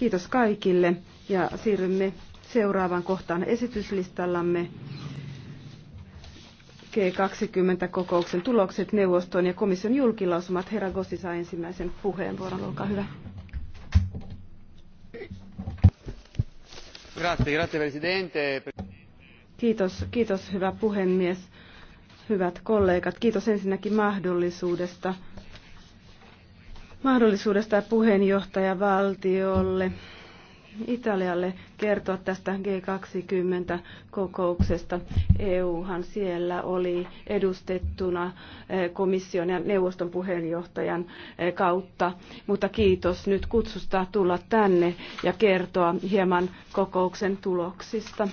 Kiitos kaikille ja siirrymme seuraavaan kohtaan esityslistallamme. G20-kokouksen tulokset neuvoston ja komission julkilausumat. Herra Gossi saa ensimmäisen puheenvuoron. Olkaa hyvä. Grazie, grazie presidente. Kiitos, kiitos hyvä puhemies. Hyvät kollegat, kiitos ensinnäkin mahdollisuudesta mahdollisuudesta puheenjohtajavaltiolle Italialle kertoa tästä G20-kokouksesta. EUhan siellä oli edustettuna e, komission ja neuvoston puheenjohtajan e, kautta, mutta kiitos nyt kutsusta tulla tänne ja kertoa hieman kokouksen tuloksista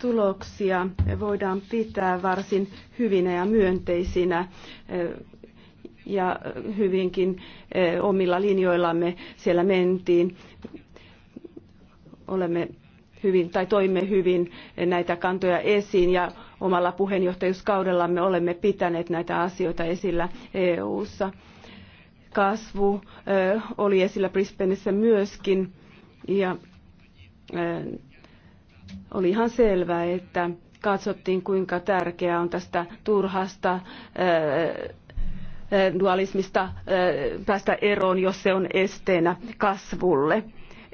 tuloksia voidaan pitää varsin hyvinä ja myönteisinä e, ja hyvinkin eh, omilla linjoillamme siellä mentiin. Olemme hyvin tai toimme hyvin näitä kantoja esiin ja omalla puheenjohtajuuskaudellamme olemme pitäneet näitä asioita esillä EU:ssa. Kasvu eh, oli esillä Brisbaneissa myöskin ja eh, oli ihan selvää, että katsottiin kuinka tärkeää on tästä turhasta dualismista eh, päästä eroon, jos se on esteenä kasvulle.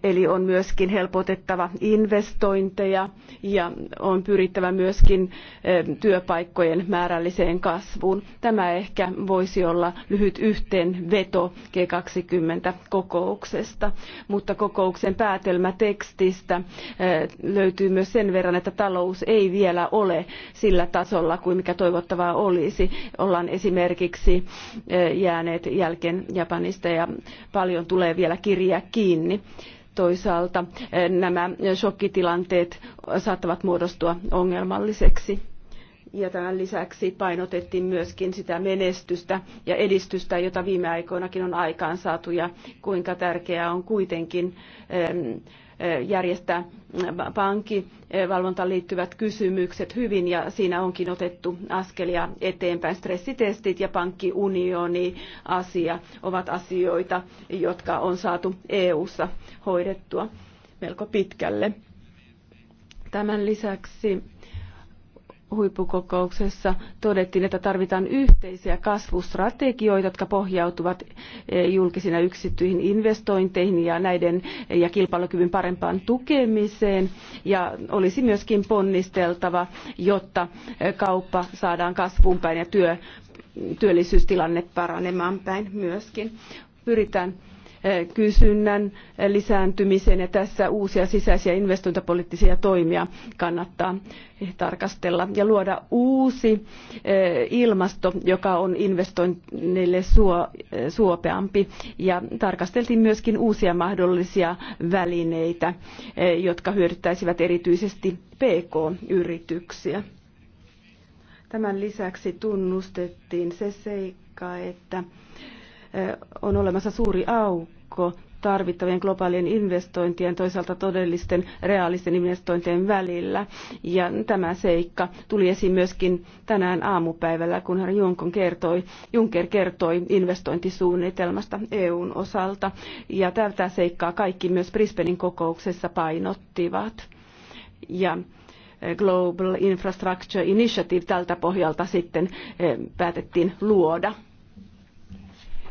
Eli on myöskin helpotettava investointeja ja on pyrittävä myöskin eh, työpaikkojen määrälliseen kasvuun. Tämä ehkä voisi olla lyhyt yhteenveto G20-kokouksesta, mutta kokouksen päätelmätekstistä eh, löytyy myös sen verran, että talous ei vielä ole sillä tasolla kuin mikä toivottavaa olisi. Ollaan esimerkiksi eh, jääneet jälkeen Japanista ja paljon tulee vielä kirjaa kiinni toisaalta eh, nämä shokkitilanteet saattavat muodostua ongelmalliseksi. Ja tämän lisäksi painotettiin myöskin sitä menestystä ja edistystä, jota viime aikoinakin on aikaansaatu ja kuinka tärkeää on kuitenkin järjestää pankkivalvontaan liittyvät kysymykset hyvin ja siinä onkin otettu askelia eteenpäin. Stressitestit ja pankkiunioni asia ovat asioita, jotka on saatu EU-ssa hoidettua melko pitkälle. Tämän lisäksi huippukokouksessa todettiin, että tarvitaan yhteisiä kasvustrategioita, jotka pohjautuvat eh, julkisiin ja investointeihin ja näiden eh, ja kilpailukyvyn parempaan tukemiseen. Ja olisi myöskin ponnisteltava, jotta eh, kauppa saadaan kasvuun päin ja työ, työllisyystilanne paranemaan päin myöskin. Pyritään kysynnän lisääntymisen ja tässä uusia sisäisiä investointipoliittisia toimia kannattaa tarkastella ja luoda uusi ilmasto, joka on investoinneille suopeampi. Ja tarkasteltiin myöskin uusia mahdollisia välineitä, jotka hyödyttäisivät erityisesti PK-yrityksiä. Tämän lisäksi tunnustettiin se seikka, että on olemassa suuri aukko tarvittavien globaalien investointien toisaalta todellisten reaalisten investointien välillä. Ja tämä seikka tuli esiin myöskin tänään aamupäivällä, kun herra Juncker kertoi, Juncker kertoi investointisuunnitelmasta EUn osalta. Ja tätä seikkaa kaikki myös Brisbanein kokouksessa painottivat. Ja Global Infrastructure Initiative tältä pohjalta sitten päätettiin luoda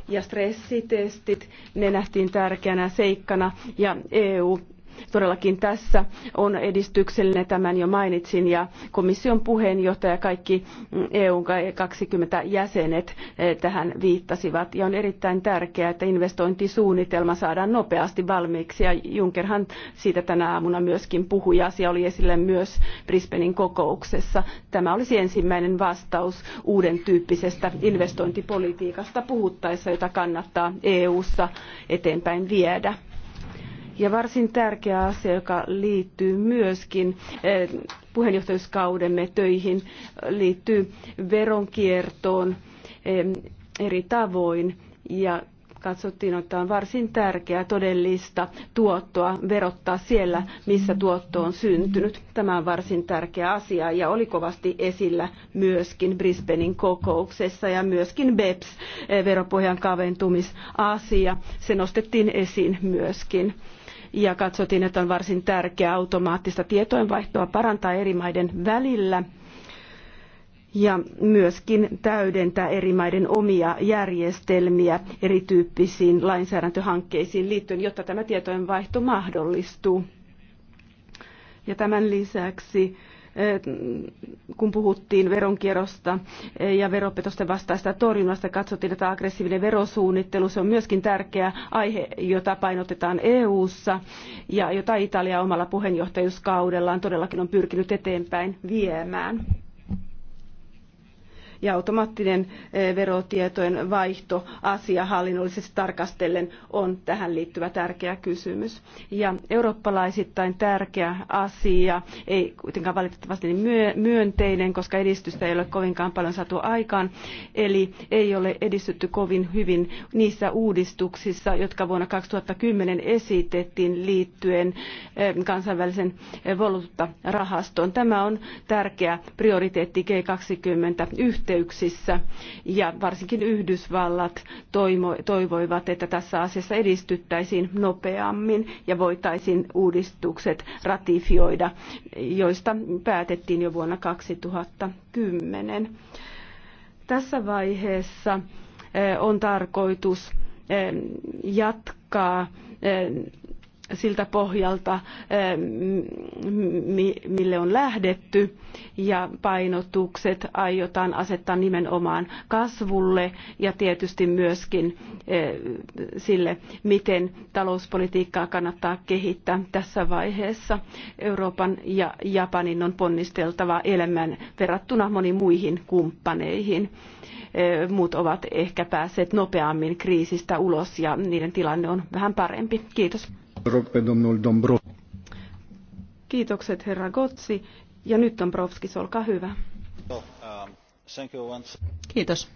ja stressitestit, ne nähtiin tärkeänä seikkana ja EU Todellakin tässä on edistyksellinen, tämän jo mainitsin, ja komission puheenjohtaja kaikki EUn 20 jäsenet eh, tähän viittasivat. Ja on erittäin tärkeää, että investointisuunnitelma saadaan nopeasti valmiiksi, ja Junckerhan siitä tänä aamuna myöskin puhui, asia oli esille myös Brisbanein kokouksessa. Tämä olisi ensimmäinen vastaus uuden tyyppisestä investointipolitiikasta puhuttaessa, jota kannattaa EU-ssa eteenpäin viedä. Ja varsin tärkeä asia, joka liittyy myöskin eh, puheenjohtajuuskaudemme töihin, liittyy veronkiertoon eh, eri tavoin. Ja katsottiin, että on varsin tärkeää todellista tuottoa verottaa siellä, missä tuotto on syntynyt. Tämä on varsin tärkeä asia ja oli kovasti esillä myöskin Brisbanein kokouksessa ja myöskin BEPS, eh, veropohjan kaventumisasia. Se nostettiin esiin myöskin ja katsottiin, että on varsin tärkeää automaattista tietojenvaihtoa parantaa eri maiden välillä ja myöskin täydentää eri maiden omia järjestelmiä erityyppisiin lainsäädäntöhankkeisiin liittyen, jotta tämä tietojenvaihto mahdollistuu. Ja tämän lisäksi kun puhuttiin veronkierrosta ja veropetosten vastaista torjunnasta, katsottiin, että aggressiivinen verosuunnittelu se on myöskin tärkeä aihe, jota painotetaan EU-ssa ja jota Italia omalla puheenjohtajuuskaudellaan todellakin on pyrkinyt eteenpäin viemään ja automaattinen eh, verotietojen vaihto asia hallinnollisesti tarkastellen on tähän liittyvä tärkeä kysymys. Ja eurooppalaisittain tärkeä asia, ei kuitenkaan valitettavasti niin myönteinen, koska edistystä ei ole kovinkaan paljon saatu aikaan, eli ei ole edistytty kovin hyvin niissä uudistuksissa, jotka vuonna 2010 esitettiin liittyen eh, kansainvälisen eh, valuuttarahaston. Tämä on tärkeä prioriteetti G20 yhteydessä yhteyksissä ja varsinkin Yhdysvallat toivoivat, että tässä asiassa edistyttäisiin nopeammin ja voitaisiin uudistukset ratifioida, joista päätettiin jo vuonna 2010. Tässä vaiheessa eh, on tarkoitus eh, jatkaa eh, siltä pohjalta, eh, mille on lähdetty, ja painotukset aiotaan asettaa nimenomaan kasvulle ja tietysti myöskin eh, sille, miten talouspolitiikkaa kannattaa kehittää tässä vaiheessa. Euroopan ja Japanin on ponnisteltava elämän verrattuna moniin muihin kumppaneihin. Eh, muut ovat ehkä päässeet nopeammin kriisistä ulos ja niiden tilanne on vähän parempi. Kiitos. Kiitokset herra Gotsi. Ja nyt on Provskis, olkaa hyvä. Oh, um, Kiitos.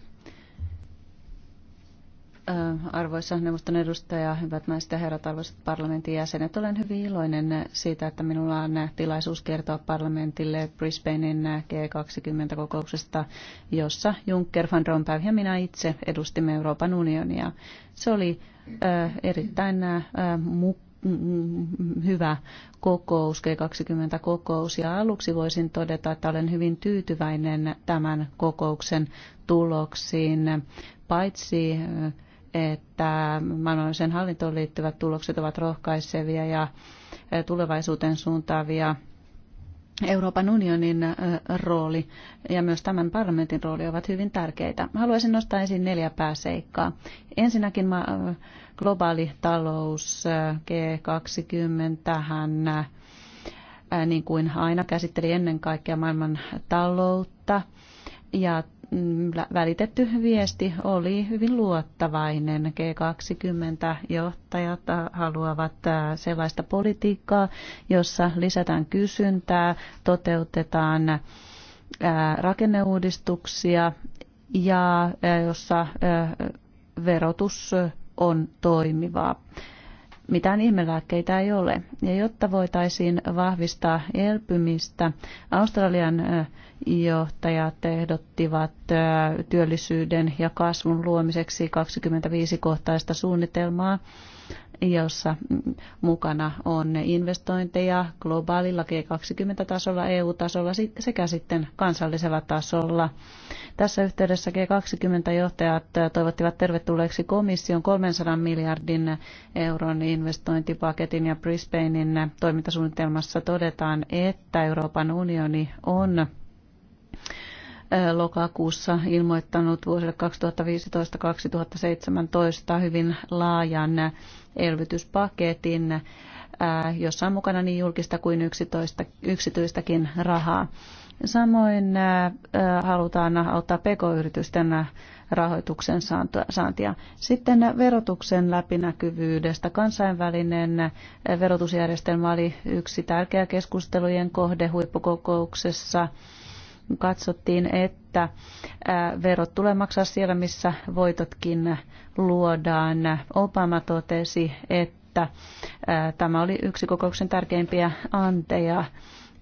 Äh, arvoisa neuvoston edustaja, hyvät naiset ja herrat, arvoisat parlamentin jäsenet, olen hyvin iloinen siitä, että minulla on tilaisuus kertoa parlamentille Brisbanein G20-kokouksesta, jossa Juncker, Van Rompuy ja minä itse edustimme Euroopan unionia. Se oli äh, erittäin mukaan äh, Mm, mm, mm, hyvä kokous, G20-kokous, ja aluksi voisin todeta, että olen hyvin tyytyväinen tämän kokouksen tuloksiin, paitsi eh, että maailmanlaisen hallintoon liittyvät tulokset ovat rohkaisevia ja eh, tulevaisuuteen suuntaavia Euroopan unionin eh, rooli ja myös tämän parlamentin rooli ovat hyvin tärkeitä. Haluaisin nostaa esiin neljä pääseikkaa. Ensinnäkin globaali talous G20 tähän niin kuin aina käsitteli ennen kaikkea maailman taloutta ja mm, välitetty viesti oli hyvin luottavainen. G20-johtajat haluavat sellaista politiikkaa, jossa lisätään kysyntää, toteutetaan rakenneuudistuksia ja jossa verotus on toimivaa. Mitään ihmelääkkeitä ei ole. Ja jotta voitaisiin vahvistaa elpymistä, Australian johtajat ehdottivat työllisyyden ja kasvun luomiseksi 25-kohtaista suunnitelmaa jossa mukana on investointeja globaalilla G20-tasolla, EU-tasolla sekä sitten kansallisella tasolla. Tässä yhteydessä G20-johtajat toivottivat tervetulleeksi komission 300 miljardin euron investointipaketin ja Brisbanein toimintasuunnitelmassa todetaan, että Euroopan unioni on lokakuussa ilmoittanut vuosille 2015-2017 hyvin laajan elvytyspaketin, äh, jossa on mukana niin julkista kuin yksityistäkin rahaa. Samoin äh, äh, halutaan auttaa pk-yritysten rahoituksen saantia. Sitten verotuksen läpinäkyvyydestä. Kansainvälinen verotusjärjestelmä oli yksi tärkeä keskustelujen kohde huippukokouksessa. Katsottiin, että verot tulee maksaa siellä, missä voitotkin luodaan. Obama totesi, että tämä oli yksi kokouksen tärkeimpiä anteja.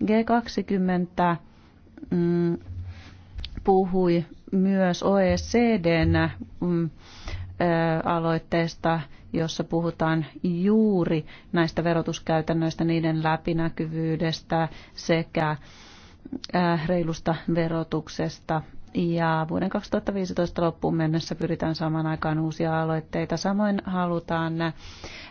G20 mm, puhui myös OECDn mm, aloitteesta, jossa puhutaan juuri näistä verotuskäytännöistä, niiden läpinäkyvyydestä sekä reilusta verotuksesta ja vuoden 2015 loppuun mennessä pyritään saamaan aikaan uusia aloitteita. Samoin halutaan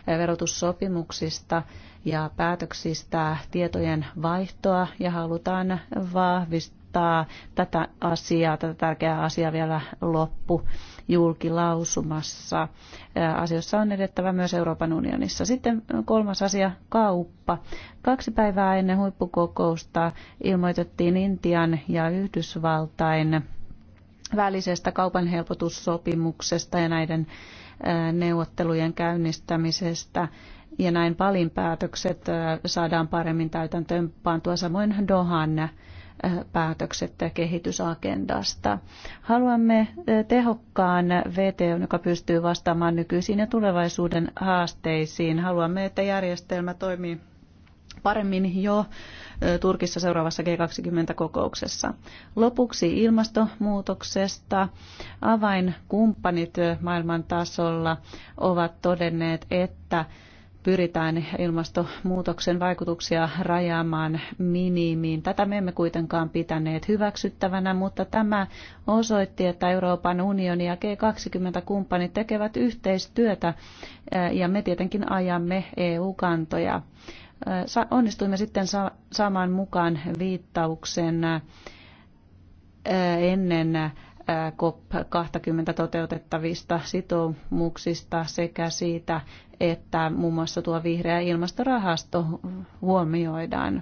verotussopimuksista ja päätöksistä tietojen vaihtoa ja halutaan vahvistaa tätä asiaa, tätä tärkeää asiaa vielä loppu julkilausumassa. Asioissa on edettävä myös Euroopan unionissa. Sitten kolmas asia, kauppa. Kaksi päivää ennen huippukokousta ilmoitettiin Intian ja Yhdysvaltain välisestä kaupan helpotussopimuksesta ja näiden neuvottelujen käynnistämisestä ja näin palin päätökset saadaan paremmin täytäntöön pantua, samoin Dohan päätökset kehitysagendasta. Haluamme tehokkaan VTO, joka pystyy vastaamaan nykyisiin ja tulevaisuuden haasteisiin. Haluamme, että järjestelmä toimii paremmin jo Turkissa seuraavassa G20-kokouksessa. Lopuksi ilmastonmuutoksesta. Avainkumppanit maailman tasolla ovat todenneet, että pyritään ilmastonmuutoksen vaikutuksia rajaamaan minimiin. Tätä me emme kuitenkaan pitäneet hyväksyttävänä, mutta tämä osoitti, että Euroopan unioni ja G20-kumppanit tekevät yhteistyötä eh, ja me tietenkin ajamme EU-kantoja. Eh, onnistuimme sitten saamaan mukaan viittauksen eh, ennen COP20 toteutettavista sitoumuksista sekä siitä, että muun muassa tuo vihreä ilmastorahasto huomioidaan.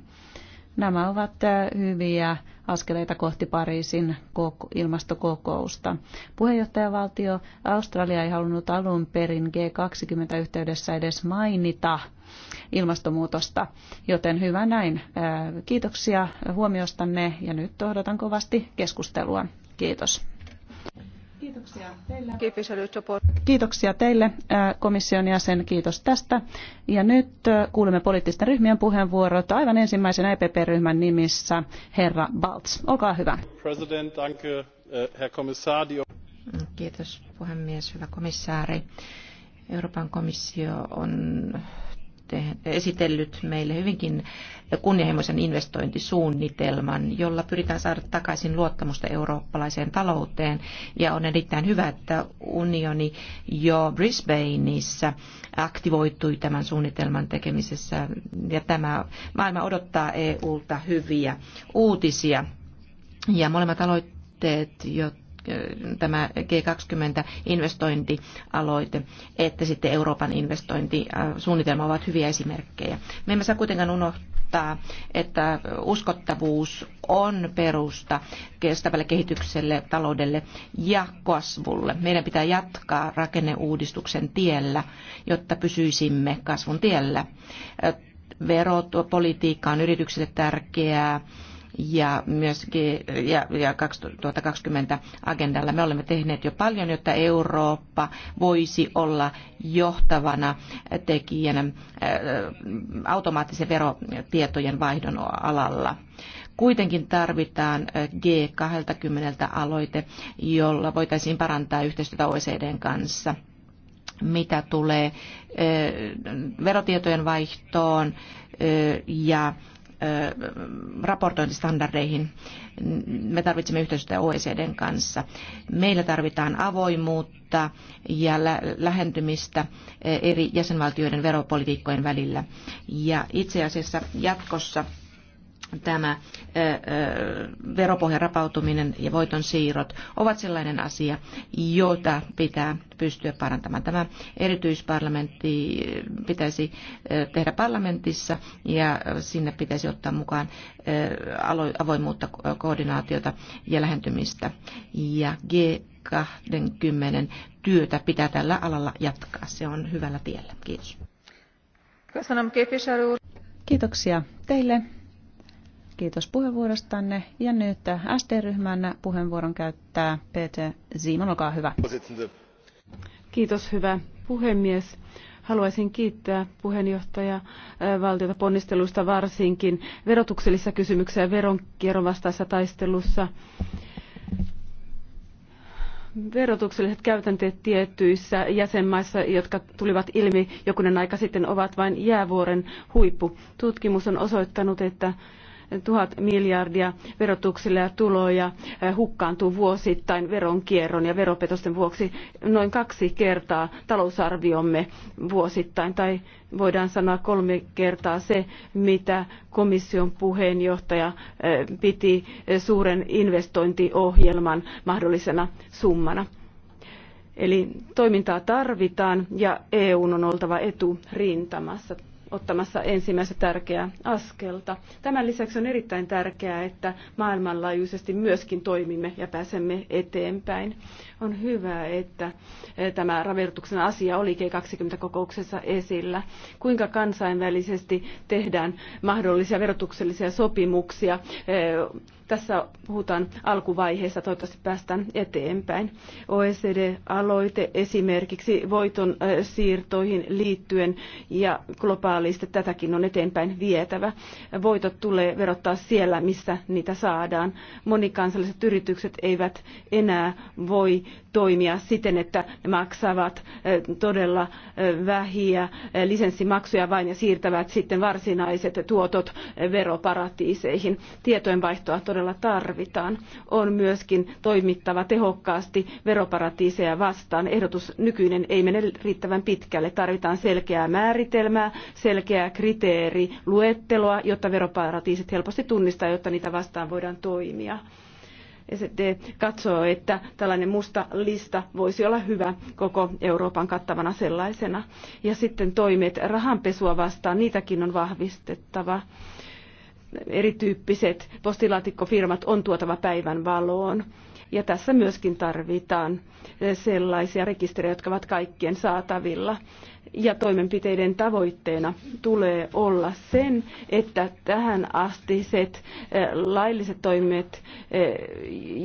Nämä ovat hyviä askeleita kohti Pariisin ilmastokokousta. Puheenjohtajavaltio Australia ei halunnut alun perin G20-yhteydessä edes mainita ilmastonmuutosta, joten hyvä näin. Kiitoksia huomiostanne ja nyt odotan kovasti keskustelua. Kiitos. Kiitoksia teille. komission jäsen, kiitos tästä. Ja nyt kuulemme poliittisten ryhmien puheenvuorot aivan ensimmäisen EPP-ryhmän nimissä herra Baltz. Olkaa hyvä. President, herr Kiitos puhemies, hyvä komissaari. Euroopan komissio on esitellyt meille hyvinkin kunnianhimoisen investointisuunnitelman, jolla pyritään saada takaisin luottamusta eurooppalaiseen talouteen. Ja on erittäin hyvä, että unioni jo Brisbaneissa aktivoitui tämän suunnitelman tekemisessä. Ja tämä maailma odottaa EUlta hyviä uutisia. Ja molemmat aloitteet, jotka tämä G20-investointialoite, että sitten Euroopan investointisuunnitelma ovat hyviä esimerkkejä. Me emme saa kuitenkaan unohtaa, että uskottavuus on perusta kestävälle kehitykselle, taloudelle ja kasvulle. Meidän pitää jatkaa rakenneuudistuksen tiellä, jotta pysyisimme kasvun tiellä. Veropolitiikka on yrityksille tärkeää ja myös G, ja, ja 2020 agendalla. Me olemme tehneet jo paljon, jotta Eurooppa voisi olla johtavana tekijänä äh, automaattisen verotietojen vaihdon alalla. Kuitenkin tarvitaan äh, G20 aloite, jolla voitaisiin parantaa yhteistyötä OECDn kanssa mitä tulee äh, verotietojen vaihtoon ja raportointistandardeihin. Me tarvitsemme yhteistyötä OECDn kanssa. Meillä tarvitaan avoimuutta ja lähentymistä eri jäsenvaltioiden veropolitiikkojen välillä. Ja itse asiassa jatkossa tämä veropohjan rapautuminen ja voiton siirrot ovat sellainen asia, jota pitää pystyä parantamaan. Tämä erityisparlamentti pitäisi tehdä parlamentissa ja sinne pitäisi ottaa mukaan avoimuutta, koordinaatiota ja lähentymistä. Ja G20 työtä pitää tällä alalla jatkaa. Se on hyvällä tiellä. Kiitos. Kiitoksia teille. Kiitos puheenvuorostanne. Ja nyt ST-ryhmän puheenvuoron käyttää Peter Simon, olkaa hyvä. Kiitos, hyvä puhemies. Haluaisin kiittää puheenjohtaja valtiota ponnisteluista varsinkin verotuksellisissa kysymyksissä ja veronkierron vastaisessa taistelussa verotukselliset käytänteet tiettyissä jäsenmaissa, jotka tulivat ilmi jokunen aika sitten, ovat vain jäävuoren huippu. Tutkimus on osoittanut, että tuhat miljardia verotuksille ja tuloja eh, hukkaantuu vuosittain veronkierron ja veropetosten vuoksi noin kaksi kertaa talousarviomme vuosittain tai voidaan sanoa kolme kertaa se, mitä komission puheenjohtaja eh, piti eh, suuren investointiohjelman mahdollisena summana. Eli toimintaa tarvitaan ja EUn on oltava eturintamassa ottamassa ensimmäistä tärkeää askelta. Tämän lisäksi on erittäin tärkeää, että maailmanlaajuisesti myöskin toimimme ja pääsemme eteenpäin. On hyvä, että eh, tämä ravertuksen asia oli G20-kokouksessa esillä. Kuinka kansainvälisesti tehdään mahdollisia verotuksellisia sopimuksia eh, tässä puhutaan alkuvaiheessa, toivottavasti päästään eteenpäin. OECD-aloite esimerkiksi voiton äh, siirtoihin liittyen ja globaalisti tätäkin on eteenpäin vietävä. Voitot tulee verottaa siellä, missä niitä saadaan. Monikansalliset yritykset eivät enää voi toimia siten, että ne maksavat äh, todella äh, vähiä lisenssimaksuja vain ja siirtävät sitten varsinaiset tuotot veroparatiiseihin. Tietojenvaihtoa todella tarvitaan. On myöskin toimittava tehokkaasti veroparatiiseja vastaan. Ehdotus nykyinen ei mene riittävän pitkälle. Tarvitaan selkeää määritelmää, selkeää kriteeri, luetteloa, jotta veroparatiisit helposti tunnistaa, jotta niitä vastaan voidaan toimia. SD katsoo, että tällainen musta lista voisi olla hyvä koko Euroopan kattavana sellaisena. Ja sitten toimet rahanpesua vastaan, niitäkin on vahvistettava erityyppiset postilaatikkofirmat on tuotava päivänvaloon. Ja tässä myöskin tarvitaan sellaisia rekisterejä, jotka ovat kaikkien saatavilla. Ja toimenpiteiden tavoitteena tulee olla sen, että tähän astiset eh, lailliset toimet, eh,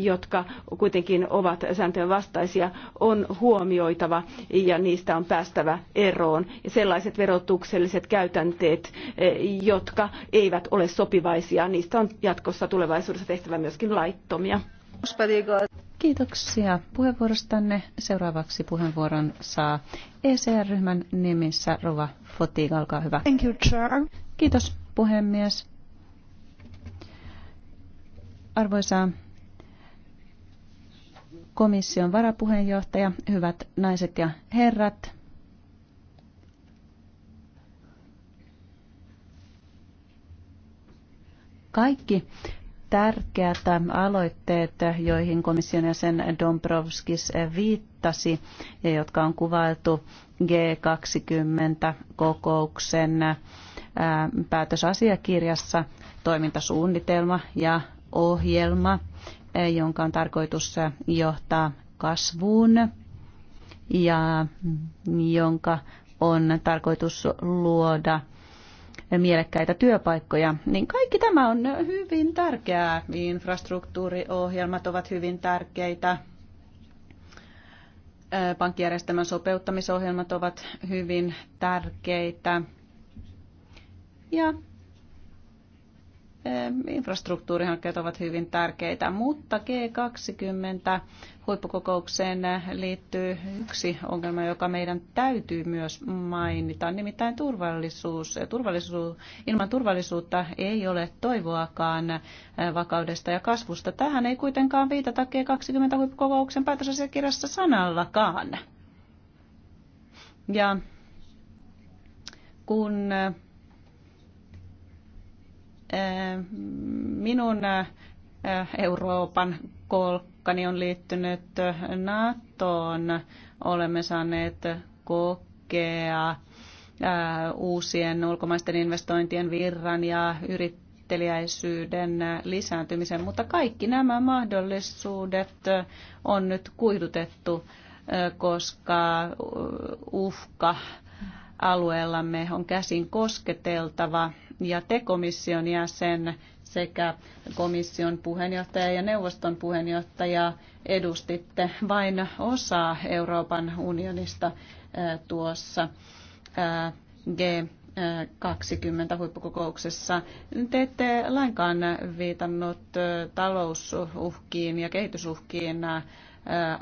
jotka kuitenkin ovat sääntöjen vastaisia, on huomioitava ja niistä on päästävä eroon. Ja sellaiset verotukselliset käytänteet, eh, jotka eivät ole sopivaisia, niistä on jatkossa tulevaisuudessa tehtävä myöskin laittomia. Kiitoksia puheenvuorostanne. Seuraavaksi puheenvuoron saa ECR-ryhmän nimissä Rova Fotiga, olkaa hyvä. Thank you, Chair. Kiitos puhemies. Arvoisa komission varapuheenjohtaja, hyvät naiset ja herrat. Kaikki tärkeät aloitteet, joihin komission jäsen Dombrovskis viittasi ja jotka on kuvailtu G20-kokouksen päätösasiakirjassa, toimintasuunnitelma ja ohjelma, jonka on tarkoitus johtaa kasvuun ja jonka on tarkoitus luoda – mielekkäitä työpaikkoja, niin kaikki tämä on hyvin tärkeää. Infrastruktuuriohjelmat ovat hyvin tärkeitä. Pankkijärjestelmän sopeuttamisohjelmat ovat hyvin tärkeitä. Ja infrastruktuurihankkeet ovat hyvin tärkeitä, mutta G20 huippukokoukseen liittyy yksi ongelma, joka meidän täytyy myös mainita, nimittäin turvallisuus. turvallisuus ilman turvallisuutta ei ole toivoakaan vakaudesta ja kasvusta. Tähän ei kuitenkaan viitata G20 huippukokouksen päätösasiakirjassa sanallakaan. Ja kun Eh, minun eh, Euroopan kolkkani on liittynyt NATOon. Olemme saaneet kokea eh, uusien ulkomaisten investointien virran ja yritteliäisyyden lisääntymisen, mutta kaikki nämä mahdollisuudet on nyt kuihdutettu, koska uhka alueellamme on käsin kosketeltava – ja te komission jäsen sekä komission puheenjohtaja ja neuvoston puheenjohtaja edustitte vain osaa Euroopan unionista tuossa G20-huippukokouksessa. Te ette lainkaan viitannut talousuhkiin ja kehitysuhkiin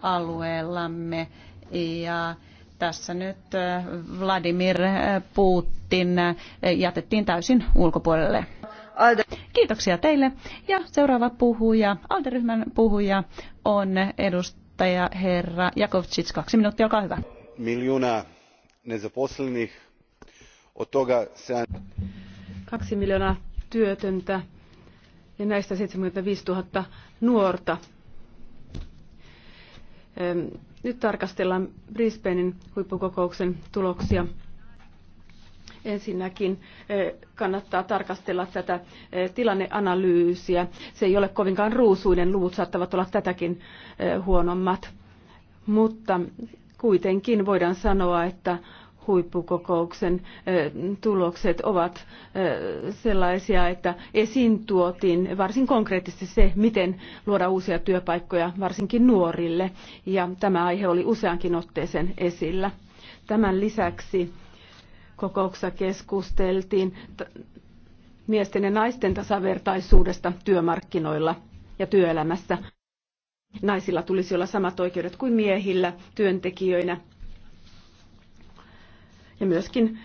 alueellamme ja tässä nyt Vladimir Putin jätettiin täysin ulkopuolelle. Kiitoksia teille. Ja seuraava puhuja, Alderyhmän puhuja, on edustaja herra Jakovčić. Kaksi minuuttia, olkaa hyvä. Miljoona nezaposlenih, od toga Kaksi miljoonaa työtöntä ja näistä 75 000 nuorta nyt tarkastellaan Brisbanein huippukokouksen tuloksia. Ensinnäkin eh, kannattaa tarkastella tätä eh, tilanneanalyysiä. Se ei ole kovinkaan ruusuinen, luvut saattavat olla tätäkin eh, huonommat. Mutta kuitenkin voidaan sanoa, että huippukokouksen tulokset ovat sellaisia, että esiin tuotiin varsin konkreettisesti se, miten luoda uusia työpaikkoja varsinkin nuorille. Ja tämä aihe oli useankin otteeseen esillä. Tämän lisäksi kokouksessa keskusteltiin miesten ja naisten tasavertaisuudesta työmarkkinoilla ja työelämässä. Naisilla tulisi olla samat oikeudet kuin miehillä työntekijöinä ja myöskin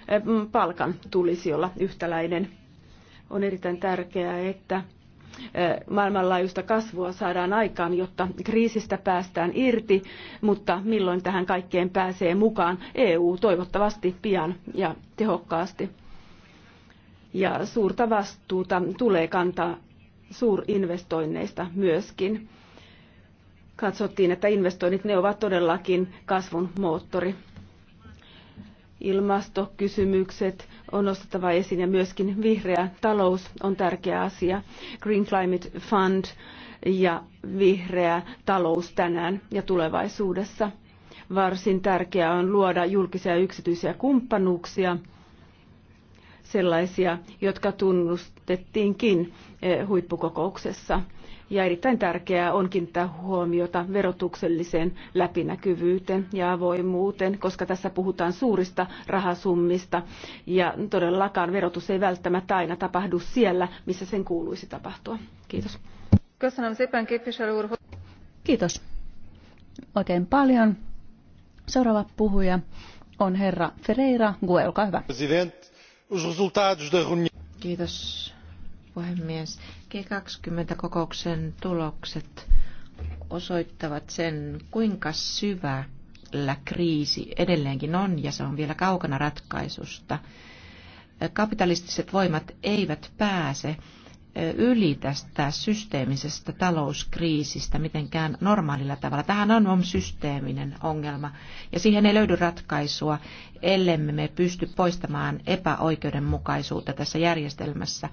palkan tulisi olla yhtäläinen. On erittäin tärkeää, että maailmanlaajuista kasvua saadaan aikaan, jotta kriisistä päästään irti, mutta milloin tähän kaikkeen pääsee mukaan EU toivottavasti pian ja tehokkaasti. Ja suurta vastuuta tulee kantaa suurinvestoinneista myöskin. Katsottiin, että investoinnit ne ovat todellakin kasvun moottori ilmastokysymykset on nostettava esiin ja myöskin vihreä talous on tärkeä asia. Green Climate Fund ja vihreä talous tänään ja tulevaisuudessa. Varsin tärkeää on luoda julkisia ja yksityisiä kumppanuuksia, sellaisia, jotka tunnustettiinkin eh, huippukokouksessa ja erittäin tärkeää on kiinnittää huomiota verotukselliseen läpinäkyvyyteen ja avoimuuteen, koska tässä puhutaan suurista rahasummista ja todellakaan verotus ei välttämättä aina tapahdu siellä, missä sen kuuluisi tapahtua. Kiitos. Kiitos oikein paljon. Seuraava puhuja on herra Ferreira Gue, olkaa hyvä. Kiitos puhemies. G20-kokouksen tulokset osoittavat sen, kuinka syvällä kriisi edelleenkin on, ja se on vielä kaukana ratkaisusta. Kapitalistiset voimat eivät pääse yli tästä systeemisestä talouskriisistä mitenkään normaalilla tavalla. Tähän on, on systeeminen ongelma ja siihen ei löydy ratkaisua, ellemme me pysty poistamaan epäoikeudenmukaisuutta tässä järjestelmässä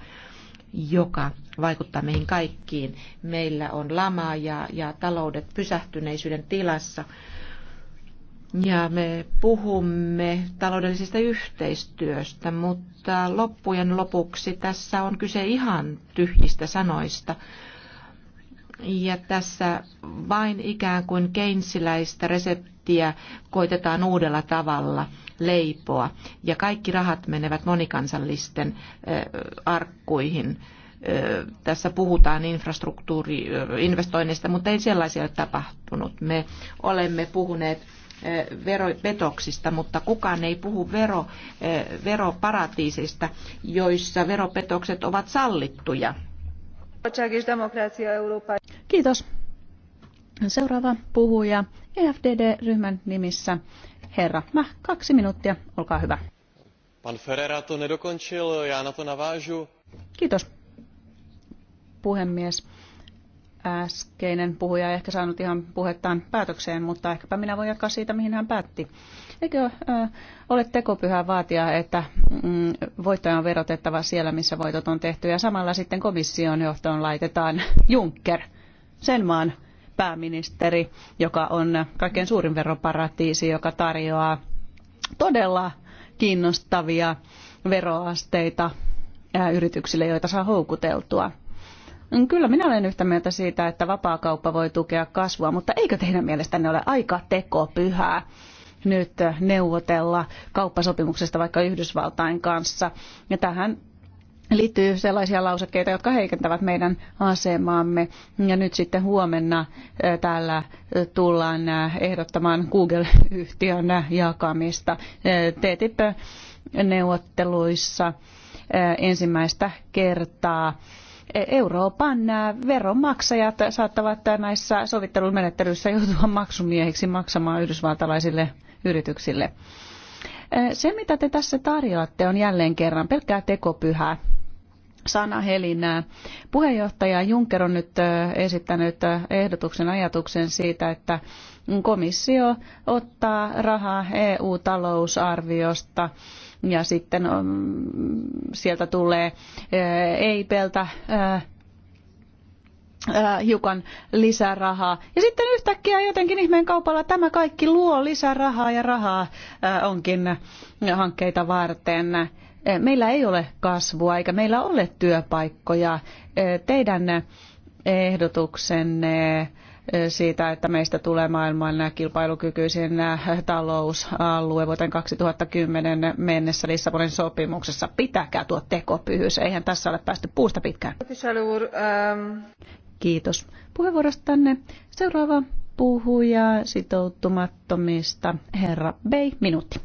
joka vaikuttaa meihin kaikkiin. Meillä on lama ja, ja taloudet pysähtyneisyyden tilassa. Ja me puhumme taloudellisesta yhteistyöstä, mutta loppujen lopuksi tässä on kyse ihan tyhjistä sanoista. Ja tässä vain ikään kuin keinsiläistä reseptiä koitetaan uudella tavalla leipoa. Ja kaikki rahat menevät monikansallisten arkkuihin tässä puhutaan infrastruktuuriinvestoinneista, mutta ei sellaisia ole tapahtunut. Me olemme puhuneet veropetoksista, mutta kukaan ei puhu vero, veroparatiisista, joissa veropetokset ovat sallittuja Kiitos. Seuraava puhuja EFDD-ryhmän nimissä. Herra, mä kaksi minuuttia, olkaa hyvä. Pan Ferreira to nedokončil, já na to navážu. Kiitos, puhemies äskeinen puhuja ei ehkä saanut ihan puhettaan päätökseen, mutta ehkäpä minä voin jatkaa siitä, mihin hän päätti. Eikö ole tekopyhää vaatia, että mm, voittoja on verotettava siellä, missä voitot on tehty, ja samalla sitten komission johtoon laitetaan Juncker, sen maan pääministeri, joka on kaikkein suurin veroparatiisi, joka tarjoaa todella kiinnostavia veroasteita yrityksille, joita saa houkuteltua. Mm, kyllä minä olen yhtä mieltä siitä, että vapaakauppa voi tukea kasvua, mutta eikö teidän mielestänne ole aika tekopyhää? nyt neuvotella kauppasopimuksesta vaikka Yhdysvaltain kanssa. Ja tähän liittyy sellaisia lausekkeita, jotka heikentävät meidän asemaamme. Ja nyt sitten huomenna täällä tullaan ehdottamaan Google-yhtiön jakamista TTIP-neuvotteluissa ensimmäistä kertaa Euroopan äh, veronmaksajat saattavat äh, näissä sovittelumenettelyissä joutua maksumiehiksi maksamaan yhdysvaltalaisille yrityksille. Äh, se, mitä te tässä tarjoatte, on jälleen kerran pelkkää tekopyhää Helinää. Puheenjohtaja Juncker on nyt esittänyt ehdotuksen ajatuksen siitä, että komissio ottaa rahaa EU-talousarviosta ja sitten um, sieltä tulee eh, EIPeltä eh, eh, hiukan lisärahaa. Ja sitten yhtäkkiä jotenkin ihmeen kaupalla tämä kaikki luo lisärahaa ja rahaa onkin hankkeita varten. Meillä ei ole kasvua eikä meillä ole työpaikkoja. Teidän ehdotuksenne siitä, että meistä tulee maailman kilpailukykyisin äh, talousalue vuoteen 2010 mennessä Lissabonin sopimuksessa. Pitäkää tuo tekopyhyys, eihän tässä ole päästy puusta pitkään. Kiitos puheenvuorostanne. Seuraava puhuja sitoutumattomista, herra Bey, minuutti.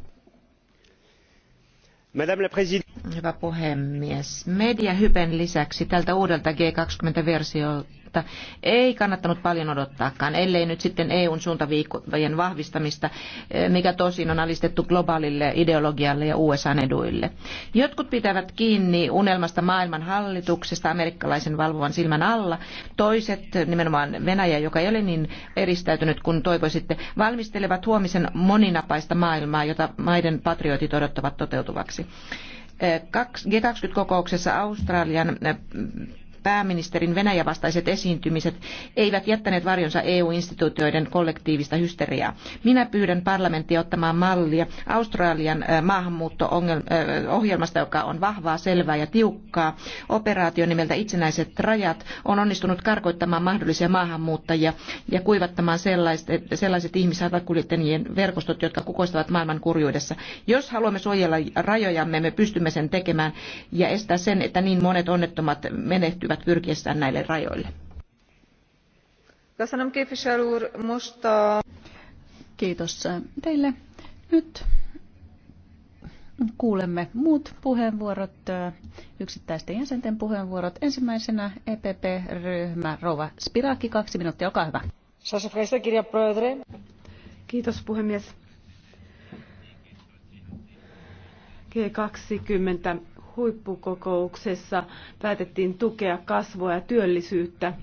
Hyvä puhemies. Mediahypen lisäksi tältä uudelta G20-versiolta mutta ei kannattanut paljon odottaakaan, ellei nyt sitten EUn suuntaviivojen vahvistamista, eh, mikä tosin on alistettu globaalille ideologialle ja USAn eduille. Jotkut pitävät kiinni unelmasta maailman hallituksesta amerikkalaisen valvovan silmän alla, toiset, nimenomaan Venäjä, joka ei ole niin eristäytynyt kuin toivoisitte, valmistelevat huomisen moninapaista maailmaa, jota maiden patriotit odottavat toteutuvaksi. Eh, G20-kokouksessa Australian eh, pääministerin Venäjä-vastaiset esiintymiset eivät jättäneet varjonsa EU-instituutioiden kollektiivista hysteriaa. Minä pyydän parlamenttia ottamaan mallia Australian äh, maahanmuutto-ohjelmasta, äh, joka on vahvaa, selvää ja tiukkaa. Operaatio nimeltä Itsenäiset rajat on onnistunut karkoittamaan mahdollisia maahanmuuttajia ja kuivattamaan sellaiset, sellaiset ihmishatakuljettajien verkostot, jotka kukoistavat maailman kurjuudessa. Jos haluamme suojella rajojamme, me pystymme sen tekemään ja estää sen, että niin monet onnettomat menehtyvät joutuvat pyrkiessään näille rajoille. Kiitos teille. Nyt kuulemme muut puheenvuorot, yksittäisten jäsenten puheenvuorot. Ensimmäisenä EPP-ryhmä Rova Spiraki, kaksi minuuttia, olkaa hyvä. Kiitos puhemies. G20 huippukokouksessa päätettiin tukea kasvua ja työllisyyttä.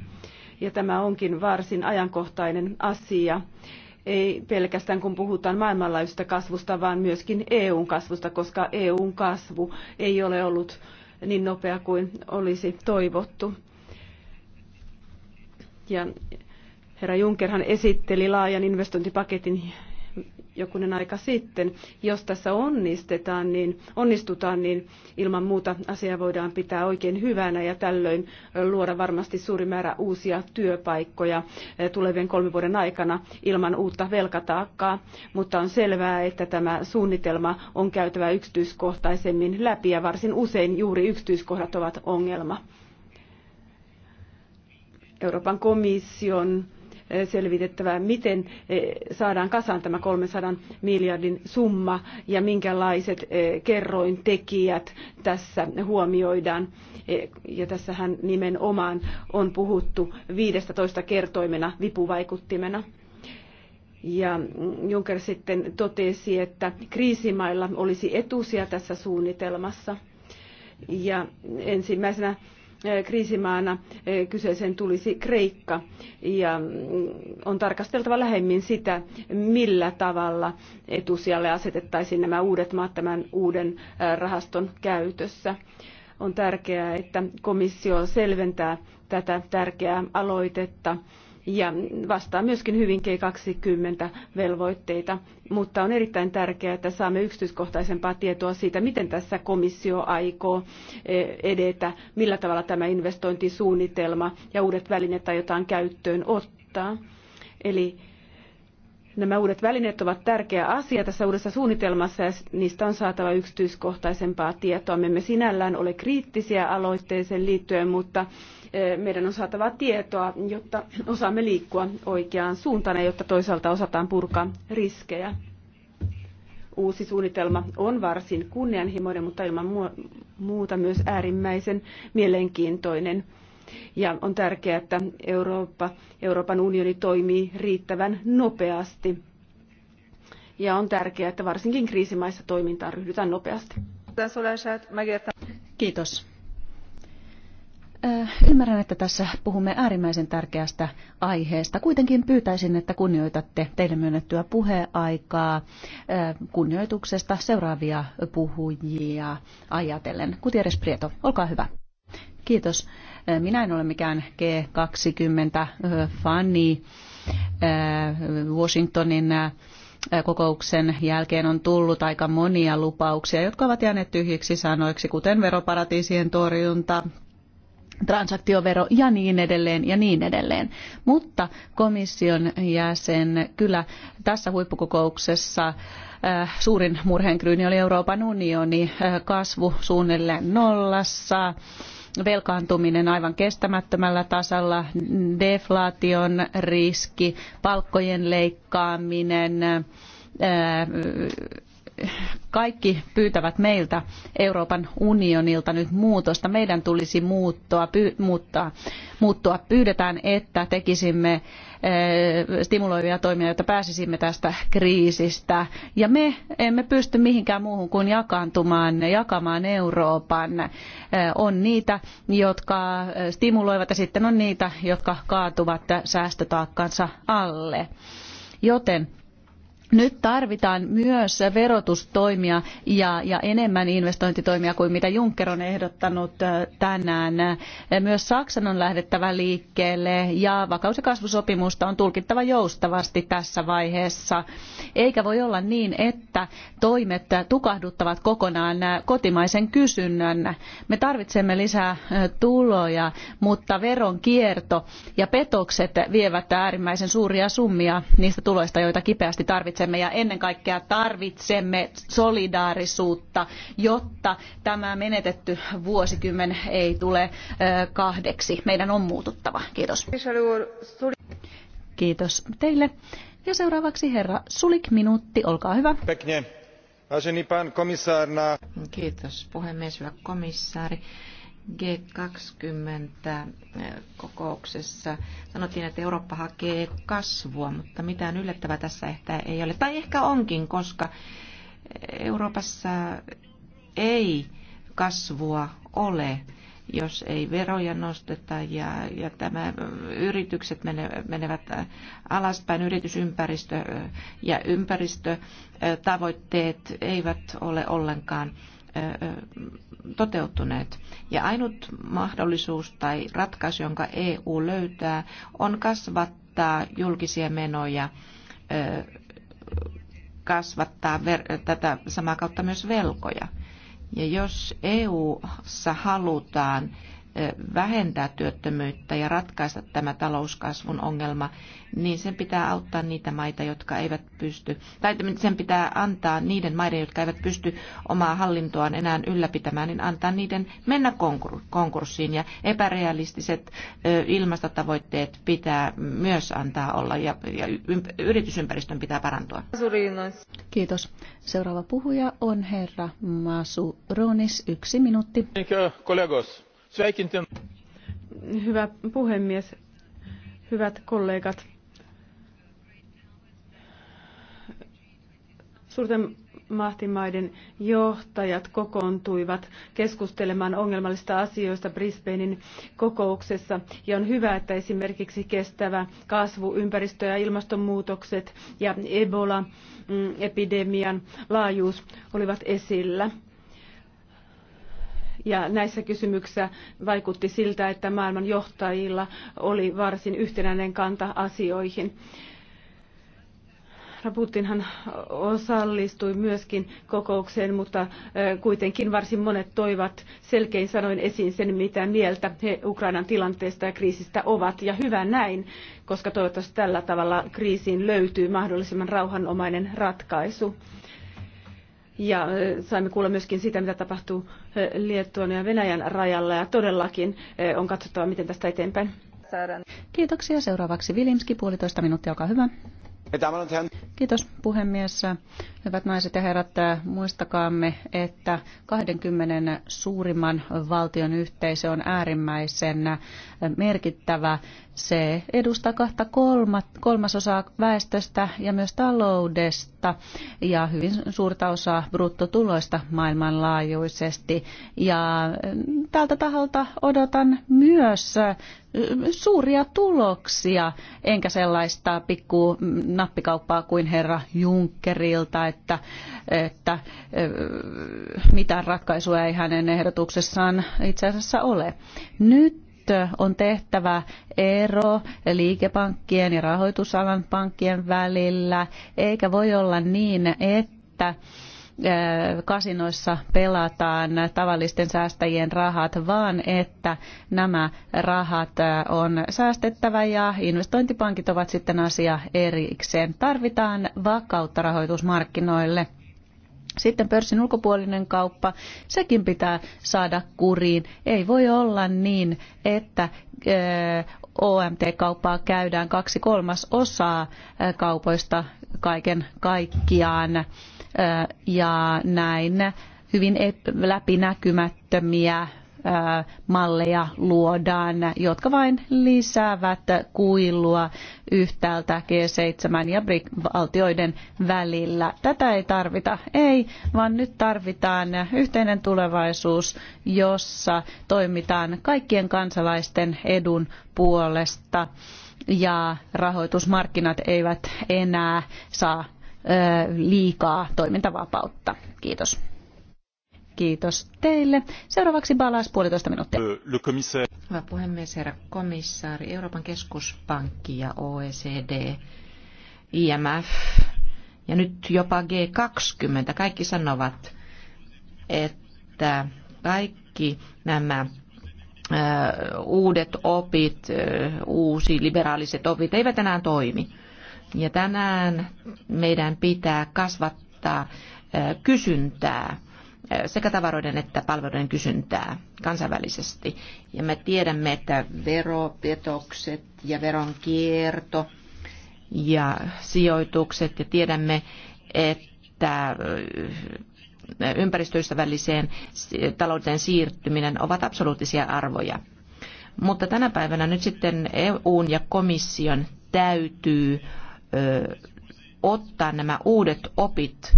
Ja tämä onkin varsin ajankohtainen asia ei pelkästään kun puhutaan maailmanlaajuisesta kasvusta, vaan myöskin EUn kasvusta, koska EUn kasvu ei ole ollut niin nopea kuin olisi toivottu. Ja herra Junckerhan esitteli laajan investointipaketin jokunen aika sitten. Jos tässä onnistetaan, niin, onnistutaan, niin ilman muuta asiaa voidaan pitää oikein hyvänä ja tällöin luoda varmasti suuri määrä uusia työpaikkoja eh, tulevien kolmen vuoden aikana ilman uutta velkataakkaa. Mutta on selvää, että tämä suunnitelma on käytävä yksityiskohtaisemmin läpi ja varsin usein juuri yksityiskohdat ovat ongelma. Euroopan komission selvitettävä, miten eh, saadaan kasaan tämä 300 miljardin summa ja minkälaiset eh, kerrointekijät tässä huomioidaan. Eh, ja tässähän nimenomaan on puhuttu 15 kertoimena vipuvaikuttimena. Ja Juncker sitten totesi, että kriisimailla olisi etusia tässä suunnitelmassa. Ja ensimmäisenä kriisimaana kyseisen tulisi Kreikka ja mm, on tarkasteltava lähemmin sitä, millä tavalla etusijalle asetettaisiin nämä uudet maat tämän uuden rahaston käytössä. On tärkeää, että komissio selventää tätä tärkeää aloitetta ja vastaa myöskin hyvin G20-velvoitteita, mutta on erittäin tärkeää, että saamme yksityiskohtaisempaa tietoa siitä, miten tässä komissio aikoo e, edetä, millä tavalla tämä investointisuunnitelma ja uudet välineet aiotaan käyttöön ottaa. Eli Nämä uudet välineet ovat tärkeä asia tässä uudessa suunnitelmassa ja niistä on saatava yksityiskohtaisempaa tietoa. Me emme sinällään ole kriittisiä aloitteeseen liittyen, mutta e, meidän on saatava tietoa, jotta osaamme liikkua oikeaan suuntaan ja jotta toisaalta osataan purkaa riskejä. Uusi suunnitelma on varsin kunnianhimoinen, mutta ilman muuta myös äärimmäisen mielenkiintoinen ja on tärkeää, että Eurooppa, Euroopan unioni toimii riittävän nopeasti. Ja on tärkeää, että varsinkin kriisimaissa toimintaan ryhdytään nopeasti. Kiitos. Äh, ymmärrän, että tässä puhumme äärimmäisen tärkeästä aiheesta. Kuitenkin pyytäisin, että kunnioitatte teille myönnettyä puheaikaa äh, kunnioituksesta seuraavia puhujia ajatellen. Kutieres Prieto, olkaa hyvä. Kiitos. Minä en ole mikään G20-fani. Washingtonin kokouksen jälkeen on tullut aika monia lupauksia, jotka ovat jääneet tyhjiksi sanoiksi, kuten veroparatiisien torjunta, transaktiovero ja niin edelleen ja niin edelleen. Mutta komission jäsen kyllä tässä huippukokouksessa suurin murheenkryyni oli Euroopan unioni kasvu suunnilleen nollassa velkaantuminen aivan kestämättömällä tasalla, deflaation riski, palkkojen leikkaaminen, kaikki pyytävät meiltä Euroopan unionilta nyt muutosta. Meidän tulisi muuttua, muuttaa, Pyydetään, että tekisimme eh, stimuloivia toimia, jotta pääsisimme tästä kriisistä. Ja me emme pysty mihinkään muuhun kuin jakaantumaan, jakamaan Euroopan. Eh, on niitä, jotka stimuloivat ja sitten on niitä, jotka kaatuvat säästötaakkansa alle. Joten nyt tarvitaan myös verotustoimia ja, ja enemmän investointitoimia kuin mitä Juncker on ehdottanut äh, tänään. Äh, myös Saksan on lähdettävä liikkeelle ja vakaus- ja kasvusopimusta on tulkittava joustavasti tässä vaiheessa. Eikä voi olla niin, että toimet tukahduttavat kokonaan äh, kotimaisen kysynnän. Me tarvitsemme lisää tuloja, mutta veronkierto ja petokset vievät äärimmäisen suuria summia niistä tuloista, joita kipeästi tarvitsemme tarvitsemme ja ennen kaikkea tarvitsemme solidaarisuutta, jotta tämä menetetty vuosikymmen ei tule kahdeksi. Meidän on muututtava. Kiitos. Kiitos teille. Ja seuraavaksi herra Sulik, minuutti, olkaa hyvä. Pekne. Vážený pán Kiitos puhemies, hyvä komissaari. G20-kokouksessa sanottiin, että Eurooppa hakee kasvua, mutta mitään yllättävää tässä ehkä ei ole. Tai ehkä onkin, koska Euroopassa ei kasvua ole, jos ei veroja nosteta ja, ja tämä yritykset menevät alaspäin, yritysympäristö ja ympäristötavoitteet eivät ole ollenkaan toteutuneet. Ja ainut mahdollisuus tai ratkaisu, jonka EU löytää, on kasvattaa julkisia menoja, kasvattaa tätä samaa kautta myös velkoja. Ja jos EU-ssa halutaan vähentää työttömyyttä ja ratkaista tämä talouskasvun ongelma, niin sen pitää auttaa niitä maita, jotka eivät pysty, tai sen pitää antaa niiden maiden, jotka eivät pysty omaa hallintoaan enää ylläpitämään, niin antaa niiden mennä konkurssiin. Ja epärealistiset ilmastotavoitteet pitää myös antaa olla, ja, ja yritysympäristön pitää parantua. Kiitos. Seuraava puhuja on herra Masu Ronis, yksi minuutti. Kollegos. Hyvä puhemies, hyvät kollegat. Suurten mahtimaiden johtajat kokoontuivat keskustelemaan ongelmallisista asioista Brisbanein kokouksessa. Ja on hyvä, että esimerkiksi kestävä kasvu, ympäristö ja ilmastonmuutokset ja Ebola-epidemian laajuus olivat esillä. Ja näissä kysymyksissä vaikutti siltä, että maailman johtajilla oli varsin yhtenäinen kanta asioihin. Putinhan osallistui myöskin kokoukseen, mutta kuitenkin varsin monet toivat selkein sanoin esiin sen, mitä mieltä he Ukrainan tilanteesta ja kriisistä ovat. Ja hyvä näin, koska toivottavasti tällä tavalla kriisiin löytyy mahdollisimman rauhanomainen ratkaisu ja saimme kuulla myöskin sitä, mitä tapahtuu Liettuan ja Venäjän rajalla ja todellakin on katsottava, miten tästä eteenpäin. Kiitoksia. Seuraavaksi Vilimski, puolitoista minuuttia, olkaa hyvä. Kiitos puhemies. Hyvät naiset ja herrat, muistakaamme, että 20 suurimman valtion yhteisö on äärimmäisen merkittävä se edustaa kahta kolmasosaa väestöstä ja myös taloudesta ja hyvin suurta osaa bruttotuloista maailmanlaajuisesti. Ja mm, tältä taholta odotan myös mm, suuria tuloksia, enkä sellaista pikku mm, nappikauppaa kuin herra Junckerilta, että, että mitään ratkaisua ei hänen ehdotuksessaan itse asiassa ole. Nyt on tehtävä ero liikepankkien ja rahoitusalan pankkien välillä, eikä voi olla niin, että kasinoissa pelataan tavallisten säästäjien rahat, vaan että nämä rahat on säästettävä ja investointipankit ovat sitten asia erikseen. Tarvitaan vakautta rahoitusmarkkinoille. Sitten pörssin ulkopuolinen kauppa, sekin pitää saada kuriin. Ei voi olla niin, että OMT-kauppaa käydään kaksi kolmas osaa kaupoista kaiken kaikkiaan ja näin hyvin e- läpinäkymättömiä malleja luodaan, jotka vain lisäävät kuilua yhtäältä G7 ja BRIC-valtioiden välillä. Tätä ei tarvita, ei, vaan nyt tarvitaan yhteinen tulevaisuus, jossa toimitaan kaikkien kansalaisten edun puolesta ja rahoitusmarkkinat eivät enää saa liikaa toimintavapautta. Kiitos. Kiitos teille. Seuraavaksi Balas puolitoista minuuttia. Hyvä puhemies, herra komissaari, Euroopan keskuspankki ja OECD, IMF ja nyt jopa G20. Kaikki sanovat, että kaikki nämä uudet opit, uusi liberaaliset opit eivät enää toimi. Ja tänään meidän pitää kasvattaa kysyntää sekä tavaroiden että palveluiden kysyntää kansainvälisesti. Ja me tiedämme, että veropetokset ja veronkierto ja sijoitukset ja tiedämme, että äh, ympäristöystävälliseen talouteen siirtyminen ovat absoluuttisia arvoja. Mutta tänä päivänä nyt sitten EUn ja komission täytyy ottaa nämä uudet opit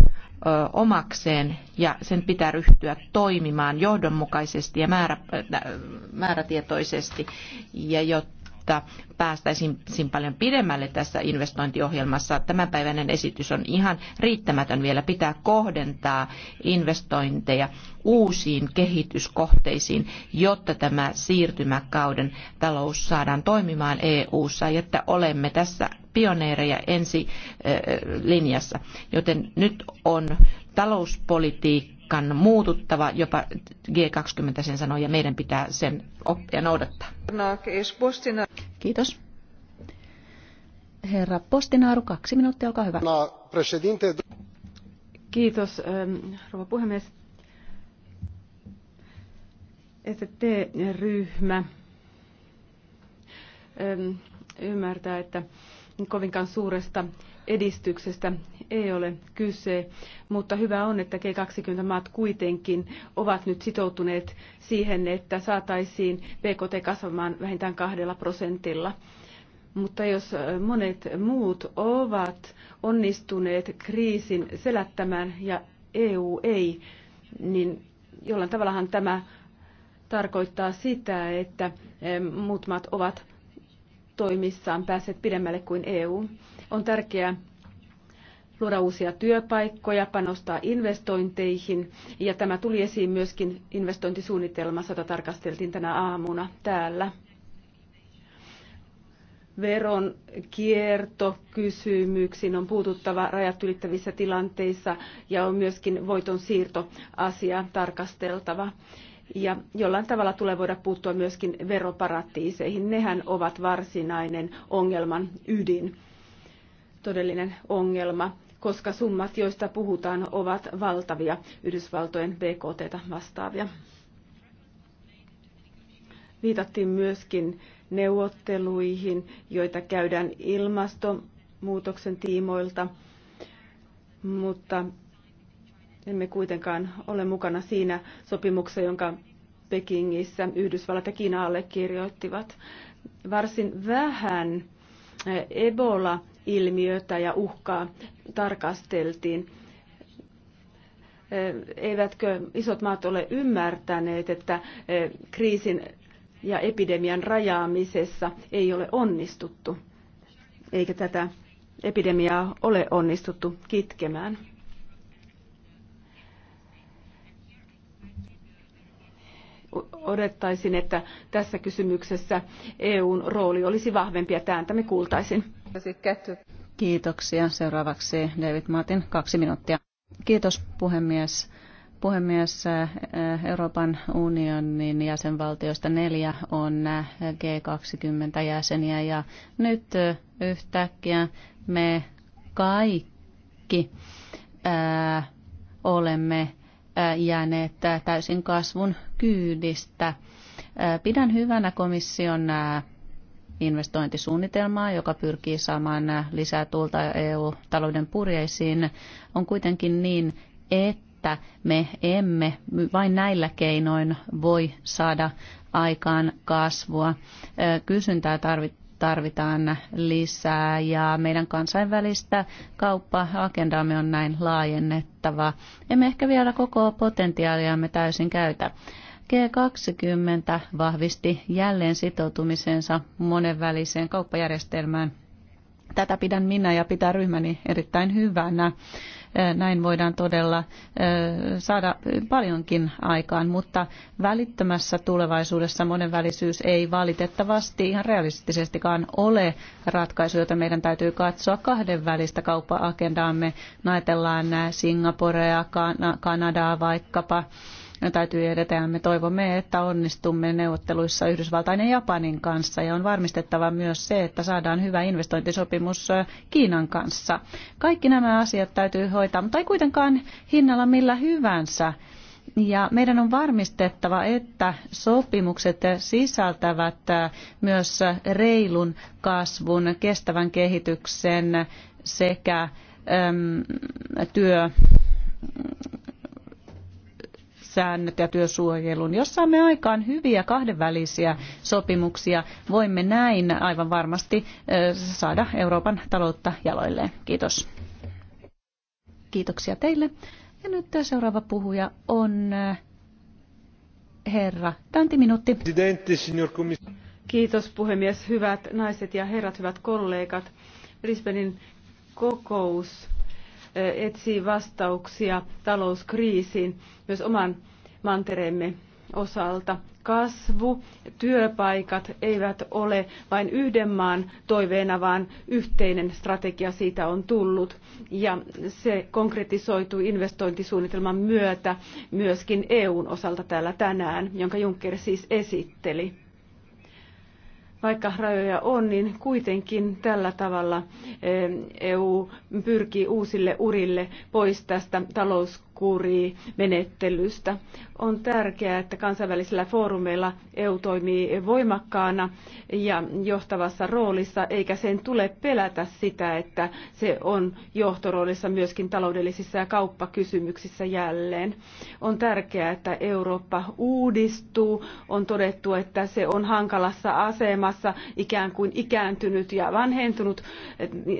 omakseen ja sen pitää ryhtyä toimimaan johdonmukaisesti ja määrä, määrätietoisesti ja jotta päästäisiin paljon pidemmälle tässä investointiohjelmassa. Tämänpäiväinen esitys on ihan riittämätön vielä. Pitää kohdentaa investointeja uusiin kehityskohteisiin, jotta tämä siirtymäkauden talous saadaan toimimaan EU-ssa, jotta olemme tässä pioneereja ensi linjassa, joten nyt on talouspolitiikan muututtava, jopa G20 sen sanoi, ja meidän pitää sen oppia noudattaa. Kiitos. Herra Postinaaru, kaksi minuuttia, olkaa hyvä. Kiitos, ähm, rouva puhemies. ST-ryhmä ähm, ymmärtää, että kovinkaan suuresta edistyksestä ei ole kyse, mutta hyvä on, että G20-maat kuitenkin ovat nyt sitoutuneet siihen, että saataisiin BKT kasvamaan vähintään kahdella prosentilla. Mutta jos monet muut ovat onnistuneet kriisin selättämään ja EU ei, niin jollain tavallahan tämä tarkoittaa sitä, että muut maat ovat toimissaan päässeet pidemmälle kuin EU. On tärkeää luoda uusia työpaikkoja, panostaa investointeihin ja tämä tuli esiin myöskin investointisuunnitelmassa, jota tarkasteltiin tänä aamuna täällä. Veron kiertokysymyksiin on puututtava rajat ylittävissä tilanteissa ja on myöskin voiton siirtoasia tarkasteltava. Ja jollain tavalla tulee voida puuttua myöskin veroparatiiseihin. Nehän ovat varsinainen ongelman ydin, todellinen ongelma, koska summat, joista puhutaan, ovat valtavia Yhdysvaltojen BKT vastaavia. Viitattiin myöskin neuvotteluihin, joita käydään ilmastonmuutoksen tiimoilta, mutta emme kuitenkaan ole mukana siinä sopimuksessa, jonka Pekingissä Yhdysvallat ja Kiina allekirjoittivat. Varsin vähän eh, Ebola-ilmiötä ja uhkaa tarkasteltiin eh, eivätkö isot maat ole ymmärtäneet, että eh, kriisin ja epidemian rajaamisessa ei ole onnistuttu, eikä tätä epidemiaa ole onnistuttu kitkemään. odottaisin, että tässä kysymyksessä EUn rooli olisi vahvempi ja tääntä me kuultaisin. Kiitoksia. Seuraavaksi David Martin, kaksi minuuttia. Kiitos puhemies. Puhemies, eh, Euroopan unionin jäsenvaltioista neljä on eh, G20-jäseniä ja nyt eh, yhtäkkiä me kaikki olemme Äh, jääneet äh, täysin kasvun kyydistä. Äh, pidän hyvänä komission investointisuunnitelmaa, joka pyrkii saamaan lisää tuulta EU-talouden purjeisiin, on kuitenkin niin, että me emme vain näillä keinoin voi saada aikaan kasvua. Kysyntää tarvitaan tarvitaan lisää ja meidän kansainvälistä kauppa-agendaamme on näin laajennettava. Emme ehkä vielä koko potentiaaliamme täysin käytä. G20 vahvisti jälleen sitoutumisensa monenväliseen kauppajärjestelmään. Tätä pidän minä ja pitää ryhmäni erittäin hyvänä. Näin voidaan todella saada paljonkin aikaan, mutta välittömässä tulevaisuudessa monenvälisyys ei valitettavasti ihan realistisestikaan ole ratkaisu, jota meidän täytyy katsoa kahdenvälistä kauppa-agendaamme. Naitellaan Singaporea, Kanadaa vaikkapa. No, täytyy edetä ja me toivomme, että onnistumme neuvotteluissa Yhdysvaltain ja Japanin kanssa ja on varmistettava myös se, että saadaan hyvä investointisopimus Kiinan kanssa. Kaikki nämä asiat täytyy hoitaa, mutta ei kuitenkaan hinnalla millä hyvänsä. Ja meidän on varmistettava, että sopimukset sisältävät myös reilun kasvun, kestävän kehityksen sekä äm, työ säännöt ja työsuojelun. Jos saamme aikaan hyviä kahdenvälisiä sopimuksia, voimme näin aivan varmasti saada Euroopan taloutta jaloilleen. Kiitos. Kiitoksia teille. Ja nyt seuraava puhuja on herra Tanti Minuutti. Kiitos puhemies. Hyvät naiset ja herrat, hyvät kollegat. Brisbanein kokous etsii vastauksia talouskriisiin myös oman mantereemme osalta. Kasvu, työpaikat eivät ole vain yhden maan toiveena, vaan yhteinen strategia siitä on tullut. Ja se konkretisoituu investointisuunnitelman myötä myöskin EUn osalta täällä tänään, jonka Juncker siis esitteli vaikka rajoja on, niin kuitenkin tällä tavalla EU eh, e pyrkii uusille urille pois tästä talous menettelystä. On tärkeää, että kansainvälisillä foorumeilla EU toimii voimakkaana ja johtavassa roolissa, eikä sen tule pelätä sitä, että se on johtoroolissa myöskin taloudellisissa ja kauppakysymyksissä jälleen. On tärkeää, että Eurooppa uudistuu. On todettu, että se on hankalassa asemassa, ikään kuin ikääntynyt ja vanhentunut.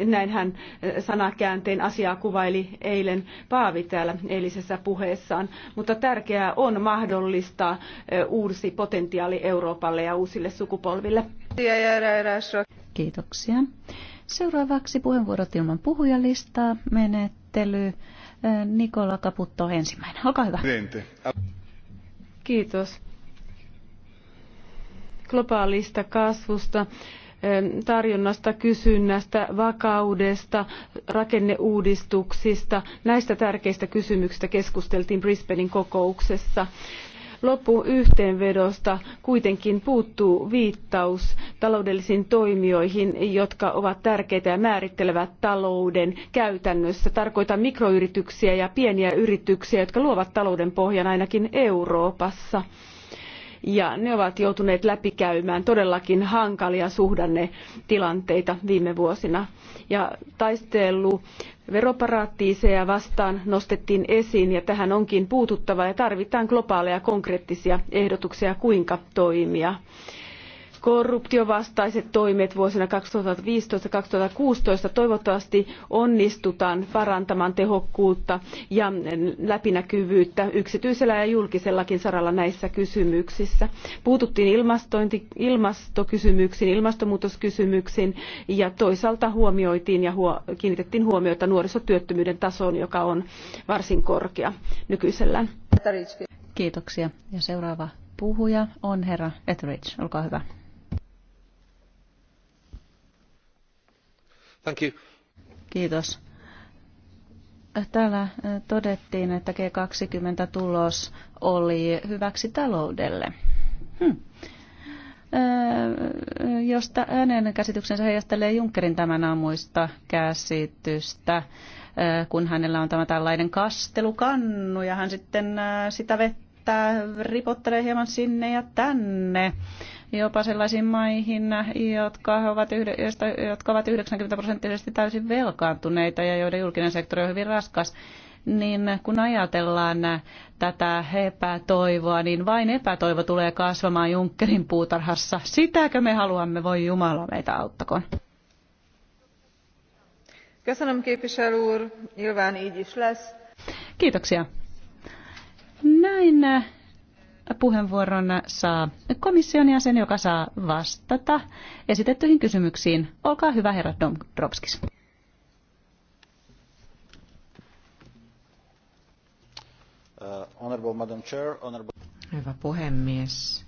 Näinhän sanakäänteen asiaa kuvaili eilen Paavi täällä. Eli edellisessä puheessaan, mutta tärkeää on mahdollistaa uusi potentiaali Euroopalle ja uusille sukupolville. Kiitoksia. Seuraavaksi puheenvuorot ilman puhujalistaa menettely. Nikola Kaputto ensimmäinen. Olkaa hyvä. Kiitos globaalista kasvusta tarjonnasta, kysynnästä, vakaudesta, rakenneuudistuksista. Näistä tärkeistä kysymyksistä keskusteltiin Brisbanein kokouksessa loppuyhteenvedosta kuitenkin puuttuu viittaus taloudellisiin toimijoihin jotka ovat tärkeitä ja määrittelevät talouden käytännössä. tarkoitan mikroyrityksiä ja pieniä yrityksiä jotka luovat talouden pohjan ainakin euroopassa ja ne ovat joutuneet läpikäymään todellakin hankalia suhdannetilanteita viime vuosina. Ja taistelu veroparatiiseja vastaan nostettiin esiin ja tähän onkin puututtava ja tarvitaan globaaleja konkreettisia ehdotuksia kuinka toimia korruptiovastaiset toimet vuosina 2015-2016 toivottavasti onnistutaan parantamaan tehokkuutta ja läpinäkyvyyttä yksityisellä ja julkisellakin saralla näissä kysymyksissä. Puututtiin ilmastokysymyksiin, ilmastonmuutoskysymyksiin ja toisaalta huomioitiin ja huo, kiinnitettiin huomiota nuorisotyöttömyyden tasoon, joka on varsin korkea nykyisellään. Kiitoksia. Ja seuraava puhuja on herra Etheridge. Olkaa hyvä. Kiitos. Täällä eh, todettiin, että G20-tulos oli hyväksi taloudelle. Hmm eh, jos hänen käsityksensä heijastelee Junckerin tämän aamuista käsitystä, eh, kun hänellä on tämä tällainen kastelukannu ja hän sitten sitä vettä ripottelee hieman sinne ja tänne jopa sellaisiin maihin, jotka ovat, jotka ovat 90 prosenttisesti täysin velkaantuneita ja joiden julkinen sektori on hyvin raskas niin kun ajatellaan tätä epätoivoa, niin vain epätoivo tulee kasvamaan Junckerin puutarhassa. Sitäkö me haluamme, voi Jumala meitä auttakoon. Kiitoksia. Näin puheenvuoron saa komission jäsen, joka saa vastata esitettyihin kysymyksiin. Olkaa hyvä, herra Dombrovskis. Uh, hyvä puhemies,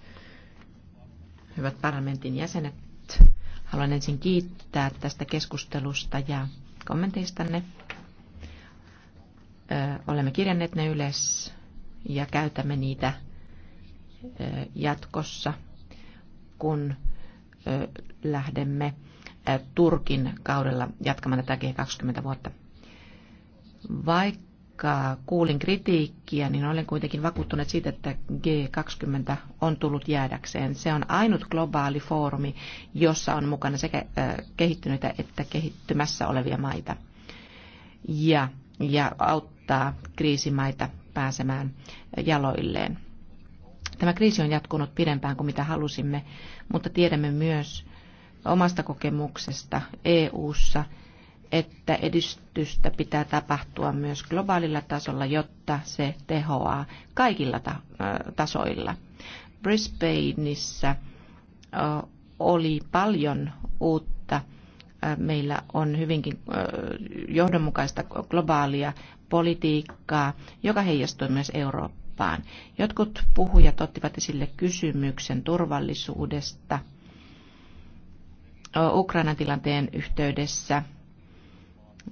hyvät parlamentin jäsenet, haluan ensin kiittää tästä keskustelusta ja kommenteistanne. Olemme kirjanneet ne ylös ja käytämme niitä jatkossa, kun lähdemme Turkin kaudella jatkamaan tätä G20 vuotta. Vaikka kuulin kritiikkiä, niin olen kuitenkin vakuuttunut siitä, että G20 on tullut jäädäkseen. Se on ainut globaali foorumi, jossa on mukana sekä kehittyneitä että kehittymässä olevia maita. Ja, ja auttaa kriisimaita pääsemään jaloilleen Tämä kriisi on jatkunut pidempään kuin mitä halusimme, mutta tiedämme myös omasta kokemuksesta EU:ssa, että edistystä pitää tapahtua myös globaalilla tasolla, jotta se tehoaa kaikilla tasoilla. Brisbaneissa oli paljon uutta. Meillä on hyvinkin johdonmukaista globaalia politiikkaa, joka heijastuu myös Eurooppaan Eurooppaan. Jotkut puhujat ottivat esille kysymyksen turvallisuudesta Ukrainan tilanteen yhteydessä.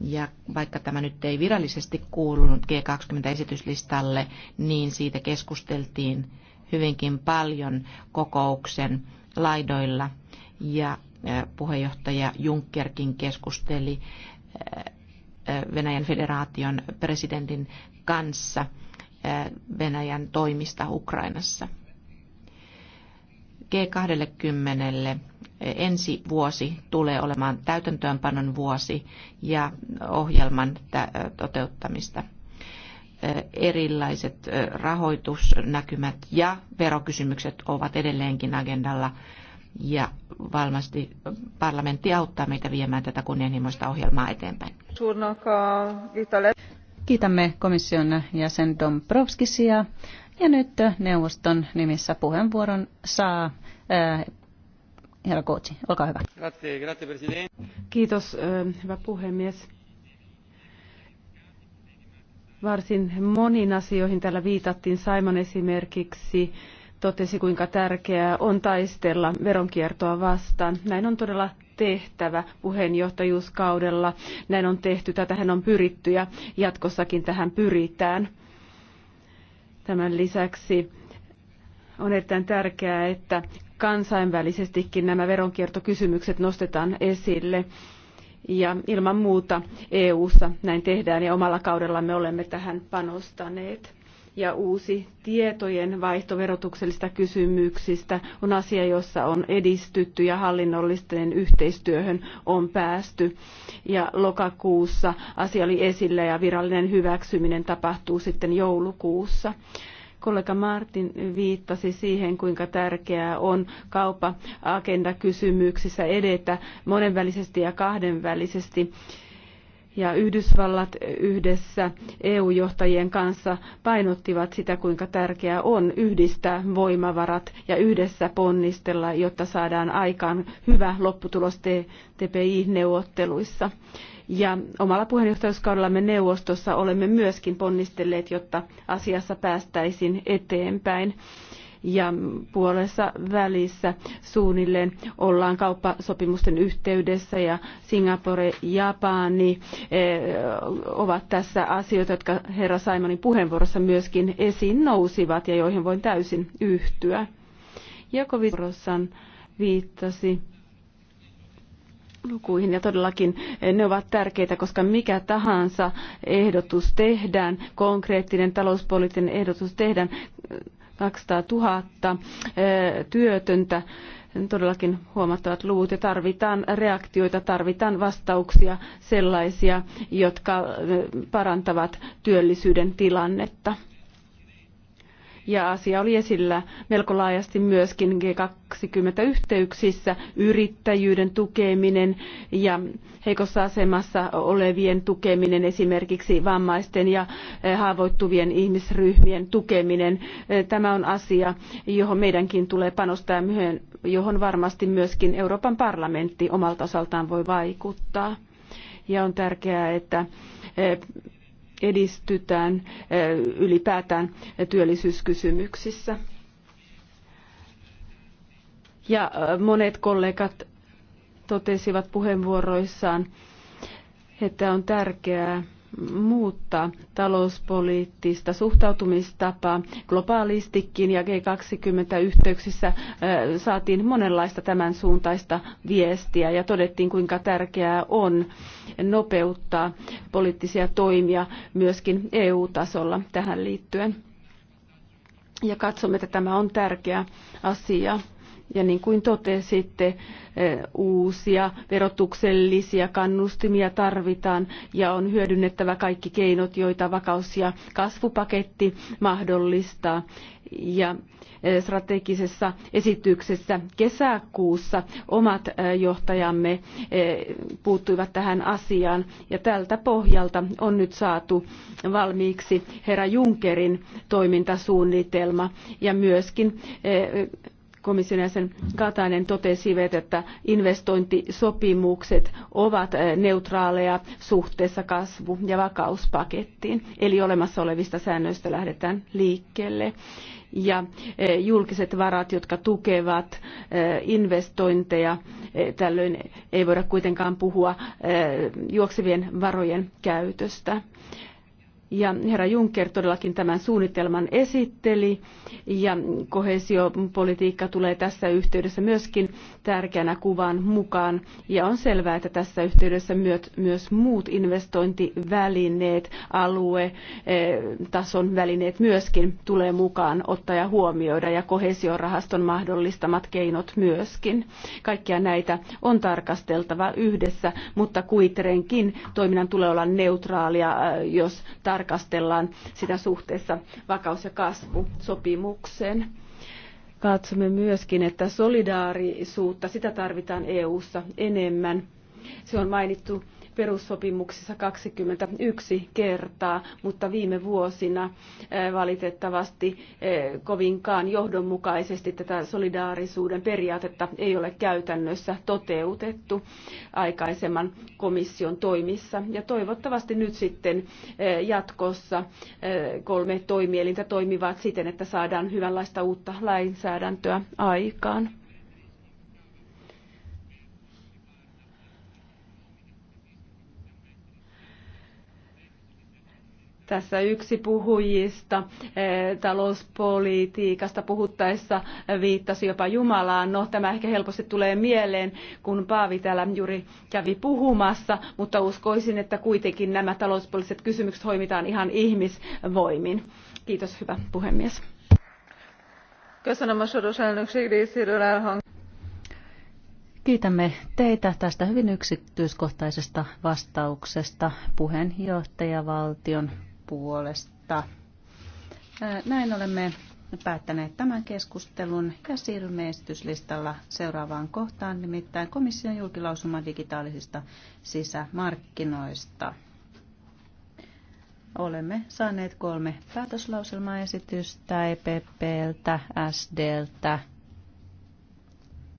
Ja vaikka tämä nyt ei virallisesti kuulunut G20-esityslistalle, niin siitä keskusteltiin hyvinkin paljon kokouksen laidoilla. Ja puheenjohtaja Junckerkin keskusteli Venäjän federaation presidentin kanssa Eh, Venäjän toimista Ukrainassa. G20 ensi vuosi tulee olemaan täytäntöönpanon vuosi ja ohjelman toteuttamista. Eh, erilaiset rahoitusnäkymät ja verokysymykset ovat edelleenkin agendalla ja varmasti parlamentti auttaa meitä viemään tätä kunnianhimoista ohjelmaa eteenpäin. Kiitämme komission jäsen Dombrovskisia. Ja nyt neuvoston nimissä puheenvuoron saa äh, herra Kootsi. Olkaa hyvä. Kiitos, äh, hyvä puhemies. Varsin moniin asioihin täällä viitattiin. Saiman esimerkiksi totesi, kuinka tärkeää on taistella veronkiertoa vastaan. Näin on todella tehtävä puheenjohtajuuskaudella. Näin on tehty, tähän on pyritty ja jatkossakin tähän pyritään. Tämän lisäksi on erittäin tärkeää, että kansainvälisestikin nämä veronkiertokysymykset nostetaan esille. Ja ilman muuta EU-ssa näin tehdään ja omalla kaudellamme olemme tähän panostaneet ja uusi tietojen vaihto verotuksellisista kysymyksistä on asia, jossa on edistytty ja hallinnollisten yhteistyöhön on päästy. Ja lokakuussa asia oli esillä ja virallinen hyväksyminen tapahtuu sitten joulukuussa kollega Martin viittasi siihen, kuinka tärkeää on kauppa-agenda-kysymyksissä edetä monenvälisesti ja kahdenvälisesti ja Yhdysvallat yhdessä EU-johtajien kanssa painottivat sitä, kuinka tärkeää on yhdistää voimavarat ja yhdessä ponnistella, jotta saadaan aikaan hyvä lopputulos TPI-neuvotteluissa. Ja omalla puheenjohtajuuskaudellamme neuvostossa olemme myöskin ponnistelleet, jotta asiassa päästäisiin eteenpäin ja puolessa välissä suunnilleen ollaan kauppasopimusten yhteydessä ja Singapore, Japani eh, ovat tässä asioita, jotka herra Simonin puheenvuorossa myöskin esiin nousivat ja joihin voin täysin yhtyä. Jakovitorossan viittasi lukuihin ja todellakin eh, ne ovat tärkeitä, koska mikä tahansa ehdotus tehdään, konkreettinen talouspoliittinen ehdotus tehdään, 200 000 eh, työtöntä todellakin huomattavat luvut ja tarvitaan reaktioita, tarvitaan vastauksia sellaisia, jotka eh, parantavat työllisyyden tilannetta ja asia oli esillä melko laajasti myöskin G20-yhteyksissä, yrittäjyyden tukeminen ja heikossa asemassa olevien tukeminen, esimerkiksi vammaisten ja eh, haavoittuvien ihmisryhmien tukeminen. Eh, tämä on asia, johon meidänkin tulee panostaa myöhemmin, johon varmasti myöskin Euroopan parlamentti omalta osaltaan voi vaikuttaa. Ja on tärkeää, että eh, edistytään eh, ylipäätään työllisyyskysymyksissä. Ja eh, monet kollegat totesivat puheenvuoroissaan, että on tärkeää, muuttaa talouspoliittista suhtautumistapaa globaalistikin ja G20-yhteyksissä saatiin monenlaista tämän suuntaista viestiä ja todettiin kuinka tärkeää on nopeuttaa poliittisia toimia myöskin EU-tasolla tähän liittyen. Ja katsomme, että tämä on tärkeä asia ja niin kuin totesitte, eh, uusia verotuksellisia kannustimia tarvitaan ja on hyödynnettävä kaikki keinot, joita vakaus- ja kasvupaketti mahdollistaa. Ja eh, strategisessa esityksessä kesäkuussa omat eh, johtajamme puuttuivat tähän asiaan ja tältä pohjalta on nyt saatu valmiiksi herra Junckerin toimintasuunnitelma ja myöskin komission jäsen Katainen totesi, että investointisopimukset ovat eh, neutraaleja suhteessa kasvu- ja vakauspakettiin, eli olemassa olevista säännöistä lähdetään liikkeelle. Ja eh, julkiset varat, jotka tukevat eh, investointeja, tällöin ei voida kuitenkaan puhua juoksevien varojen käytöstä. Ja herra Juncker todellakin tämän suunnitelman esitteli ja kohesiopolitiikka tulee tässä yhteydessä myöskin tärkeänä kuvan mukaan. Ja on selvää, että tässä yhteydessä myös muut investointivälineet, aluetason eh, välineet myöskin tulee mukaan ottaa ja huomioida ja kohesiorahaston mahdollistamat keinot myöskin. Kaikkia näitä on tarkasteltava yhdessä, mutta kuitenkin toiminnan tulee olla neutraalia, eh, jos tarkastellaan tarkastellaan sitä suhteessa vakaus- ja kasvusopimukseen. Katsomme myöskin, että solidaarisuutta, sitä tarvitaan EU:ssa enemmän. Se on mainittu perussopimuksissa 21 kertaa, mutta viime vuosina eh, valitettavasti eh, kovinkaan johdonmukaisesti tätä solidaarisuuden periaatetta ei ole käytännössä toteutettu aikaisemman komission toimissa. Ja toivottavasti nyt sitten eh, jatkossa kolme toimielintä toimivat siten, että saadaan hyvänlaista uutta lainsäädäntöä aikaan. Tässä yksi puhujista eh, talouspolitiikasta puhuttaessa eh, viittasi jopa Jumalaan. No, tämä ehkä helposti tulee mieleen, kun Paavi täällä juuri kävi puhumassa, mutta uskoisin, että kuitenkin nämä talouspoliittiset kysymykset hoimitaan ihan ihmisvoimin. Kiitos, hyvä puhemies. Kiitämme teitä tästä hyvin yksityiskohtaisesta vastauksesta puheenjohtajavaltion puolesta. Näin olemme päättäneet tämän keskustelun ja siirrymme esityslistalla seuraavaan kohtaan, nimittäin komission julkilausuma digitaalisista sisämarkkinoista. Olemme saaneet kolme päätöslauselmaesitystä EPPltä, SDltä